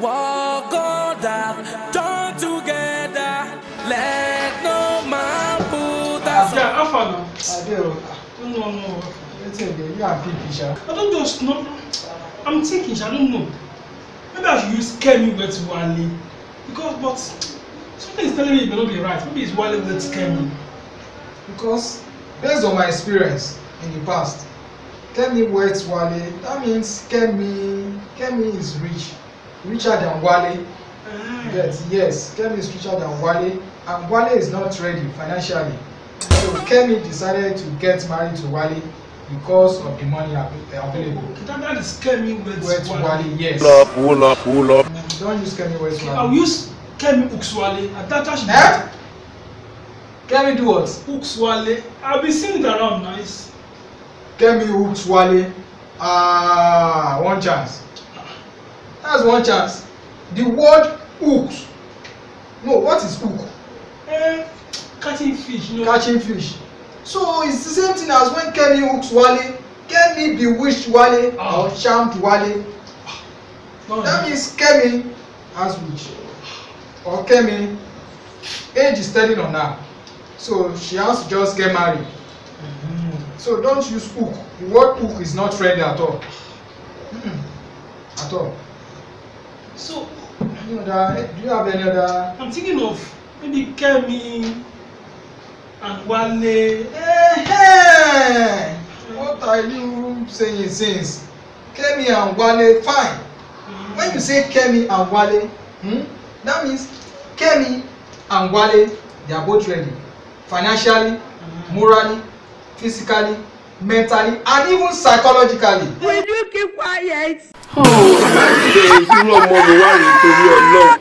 Walk all down, turn together, let no man put us. Yeah, how far now? I don't know. No, no. Let's say you are big, Isha. I don't just know. I'm thinking, I don't know. Maybe I should use Kemi with Wale. Because, but something is telling me it may not be right. Maybe it's Wale with Kemi. Because, based on my experience in the past, Kemi wets Wale, that means Kemi, Kemi is rich. Richard and Wale. Ah. Yes, yes. Kemi is Richard and Wale, and Wale is not ready financially. So Kemi decided to get married to Wale because of the money eh, available. Okay, that, that is Kemi Wetwale. Wale, yes. Pull up, pull up, pull up. Don't use Kemi Wetwale. Okay, I'll use Kemi Ukswale. That, that should eh? be... Kemi do what? Ukswale. I'll be seeing it around nice. Kemi Ukswale. Ah, uh, one chance that's one chance the word hooked no what is hook. Eh, catching fish. No? catching fish so it's the same thing as when kemi hooks wale kemi bewitched wale ah. or charmed wale no, that means kemi has witch or kemi age is telling on her so she has to just get married mm -hmm. so don't use hook the word hook is not friendly at all mm -mm. at all So. Any other? Do you have any other? I'm thinking of maybe Kemi and Wale. Hey, hey! What are you saying since? Kemi and Wale, fine. Mm. When you say Kemi and Wale, hmm, that means Kemi and Wale, they are both ready financially, mm. morally, physically, mentally, and even psychologically. Will you keep quiet? irú ọmọ mi wà ní torí ọlọ́run